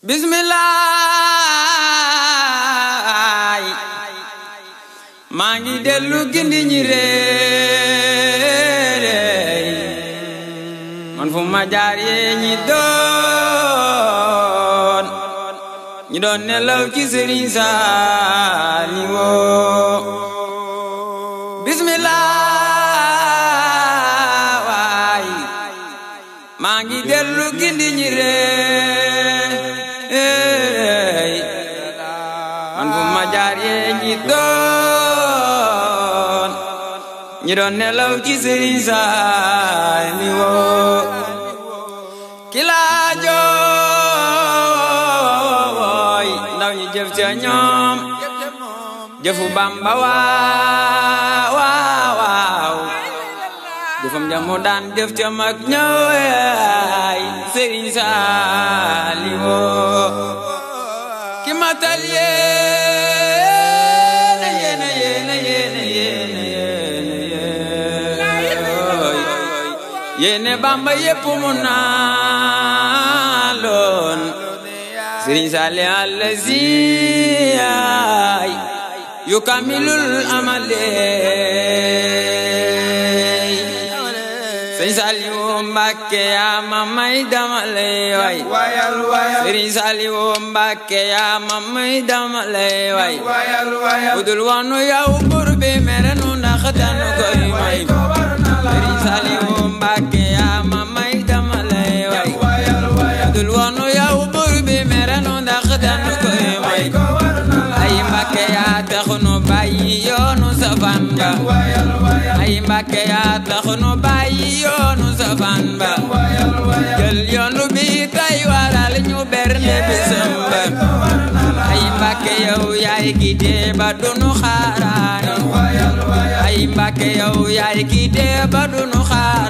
bismillah mangi delu gindi nyire man fu ma jaar ye ñi doon ñi doon nelaw ci sëriñ saani wo bismillah waay maa ngi dellu gindi ñi ree doon ñi doon nelaw ci sëriñ saay mi laa jooy ndaw ñi ñoom jëfu Bamba waaw waaw jëfam daan jëf ca mag ñëwaay sëriñ saali woo ki yéene yéene yéene yéene yéene yéene bamba yépp mu naaloon sëriñ sali allazi yukamilul amale Sëriñ Saliou Mbacké yaa ma may damale way wayal wayal Sëriñ Saliou Mbacké ya ma may damale way wayal wayal budul woon yow buur bi mere nu ndax danu ay Mbàkke yaa tax nu bàyyi yoonu safaan ba jël yoonu bi tay waral ñu berne bisam ba ay Mbàkke yow yaay ki dee ba dunu xaaraani ay Mbàkke yow yaay ki dee ba dunu xaaraani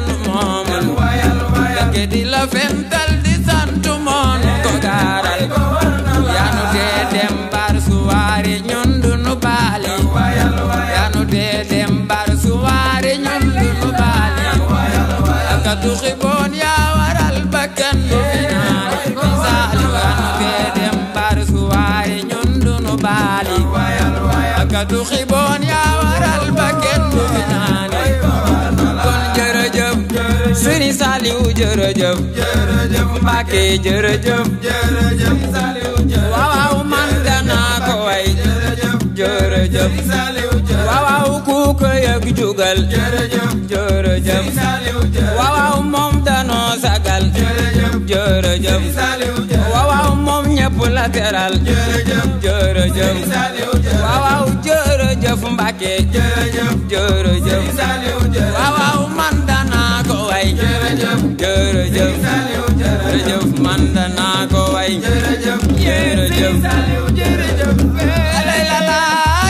te di la fental di sant moon ko gaaral yaanu tee dem bar suwaare ñun du nu baali yaanu tee dem bar suwaare ñun du nu baali aka tuxi boon yaa waral bakkan du fi naan misaali yaanu tee dem bar suwaare ñun du nu baali aka tuxi boon yaa jërëjëf jërëjëf Mbàkke jërëjëf jërëjëf Saliou jërëjëf waaw man danaa ko way jërëjëf jërëjëf Saliou jërëjëf waaw ku ko yëg jugal jërëjëf jërëjëf Saliou jërëjëf waaw moom danoo sagal jërëjëf jërëjëf Saliou jërëjëf waaw moom ñëpp la teral jërëjëf jërëjëf Saliou jërëjëf waaw jërëjëf Mbàkke jërëjëf jërëjëf Saliou jërëjëf waaw man danaa ko way jërëjëf jërëjëf man danaa ko way jërëjëf jërëjëf jërëjëf alay lala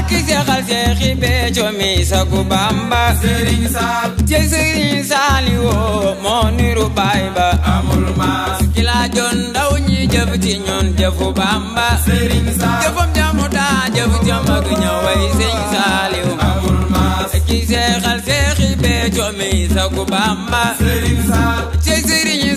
ki seexal seexi Béthio mi sagu Bamba Serigne Sall ci Serigne Saliou moo niru baay ba amul maas ki laa joon ndaw ñi jëf ci ñoon jëfu Bamba Serigne Sall jëfam jamu daa jëf jëmag ñëway Serigne Saliou amul maas ki seexal seexi Béthio mi sagu Bamba Serigne Sall